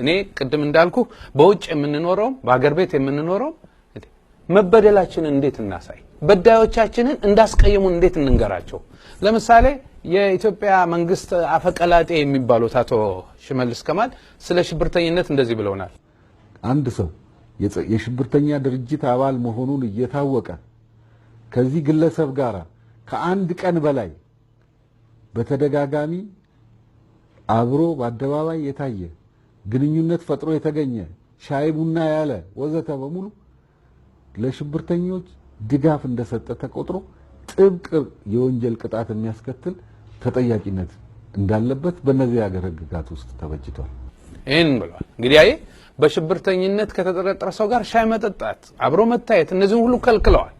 እኔ ቅድም እንዳልኩ በውጭ የምንኖረውም በአገር ቤት የምንኖረውም መበደላችንን እንዴት እናሳይ? በዳዮቻችንን እንዳስቀየሙን እንዴት እንንገራቸው? ለምሳሌ የኢትዮጵያ መንግስት አፈቀላጤ የሚባሉት አቶ ሽመልስ ከማል ስለ ሽብርተኝነት እንደዚህ ብለውናል። አንድ ሰው የሽብርተኛ ድርጅት አባል መሆኑን እየታወቀ ከዚህ ግለሰብ ጋር ከአንድ ቀን በላይ በተደጋጋሚ አብሮ በአደባባይ የታየ ግንኙነት ፈጥሮ የተገኘ ሻይ ቡና ያለ ወዘተ በሙሉ ለሽብርተኞች ድጋፍ እንደሰጠ ተቆጥሮ ጥብቅ የወንጀል ቅጣት የሚያስከትል ተጠያቂነት እንዳለበት በእነዚህ ሀገር ህግጋት ውስጥ ተበጅቷል። ይህን ብለዋል። እንግዲህ አይ በሽብርተኝነት ከተጠረጠረ ሰው ጋር ሻይ መጠጣት፣ አብሮ መታየት እነዚህም ሁሉ ከልክለዋል።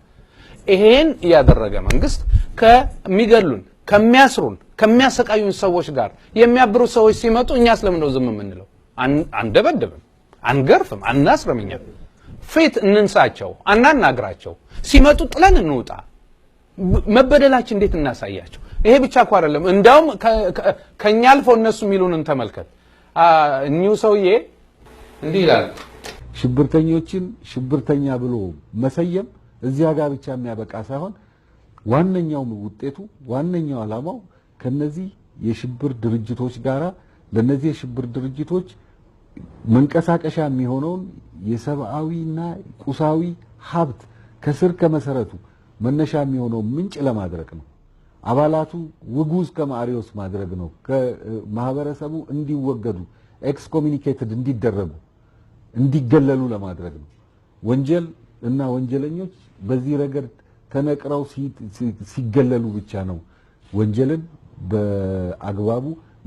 ይሄን ያደረገ መንግስት ከሚገሉን፣ ከሚያስሩን፣ ከሚያሰቃዩን ሰዎች ጋር የሚያብሩ ሰዎች ሲመጡ እኛ ስለምን ዝም የምንለው? አንደበድብም፣ አንገርፍም፣ አናስርምኛም። ፌት እንንሳቸው፣ አናናግራቸው። ሲመጡ ጥለን እንውጣ። መበደላችን እንዴት እናሳያቸው? ይሄ ብቻ እኮ አይደለም። እንዲያውም ከእኛ አልፎ እነሱ የሚሉንን ተመልከት። እኚሁ ሰውዬ እንዲህ ይላል፣ ሽብርተኞችን ሽብርተኛ ብሎ መሰየም እዚያ ጋር ብቻ የሚያበቃ ሳይሆን ዋነኛው ውጤቱ ዋነኛው ዓላማው ከነዚህ የሽብር ድርጅቶች ጋራ ለእነዚህ የሽብር ድርጅቶች መንቀሳቀሻ የሚሆነውን የሰብአዊና ቁሳዊ ሀብት ከስር ከመሰረቱ መነሻ የሚሆነው ምንጭ ለማድረግ ነው። አባላቱ ውጉዝ ከማሪዎስ ማድረግ ነው። ከማህበረሰቡ እንዲወገዱ ኤክስኮሚኒኬትድ እንዲደረጉ እንዲገለሉ ለማድረግ ነው። ወንጀል እና ወንጀለኞች በዚህ ረገድ ተነቅረው ሲገለሉ ብቻ ነው ወንጀልን በአግባቡ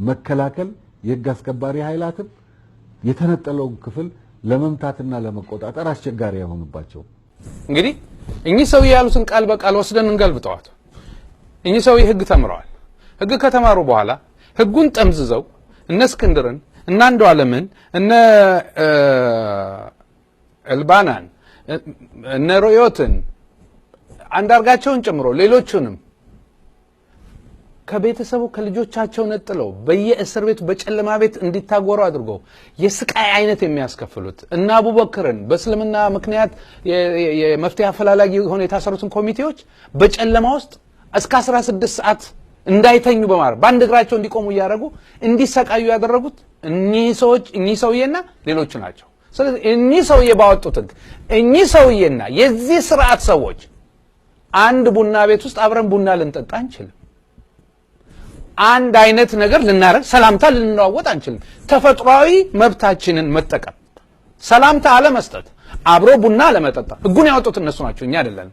መከላከል የህግ አስከባሪ ኃይላትም የተነጠለውን ክፍል ለመምታትና ለመቆጣጠር አስቸጋሪ አይሆንባቸው። እንግዲህ እኚህ ሰውዬ ያሉትን ቃል በቃል ወስደን እንገልብጠዋት። እኚህ ሰውዬ ህግ ተምረዋል። ህግ ከተማሩ በኋላ ህጉን ጠምዝዘው እነ እስክንድርን እና አንዱ አለምን፣ እነ እልባናን እነ ሮዮትን አንዳርጋቸውን ጨምሮ ሌሎቹንም ከቤተሰቡ ከልጆቻቸው ነጥለው በየእስር ቤቱ በጨለማ ቤት እንዲታጎሩ አድርገው የስቃይ አይነት የሚያስከፍሉት እና አቡበክርን በእስልምና ምክንያት የመፍትሄ አፈላላጊ ሆነ የታሰሩትን ኮሚቴዎች በጨለማ ውስጥ እስከ 16 ሰዓት እንዳይተኙ በማድረግ በአንድ እግራቸው እንዲቆሙ እያደረጉ እንዲሰቃዩ ያደረጉት እኚህ ሰዎች እኚህ ሰውዬና ሌሎቹ ናቸው። ስለዚህ እኚህ ሰውዬ ባወጡት ህግ እኚህ ሰውዬና የዚህ ስርዓት ሰዎች አንድ ቡና ቤት ውስጥ አብረን ቡና ልንጠጣ አንችልም። አንድ አይነት ነገር ልናረግ ሰላምታ ልንለዋወጥ አንችልም። ተፈጥሯዊ መብታችንን መጠቀም፣ ሰላምታ አለመስጠት፣ አብሮ ቡና አለመጠጣ ህጉን ያወጡት እነሱ ናቸው፣ እኛ አይደለን።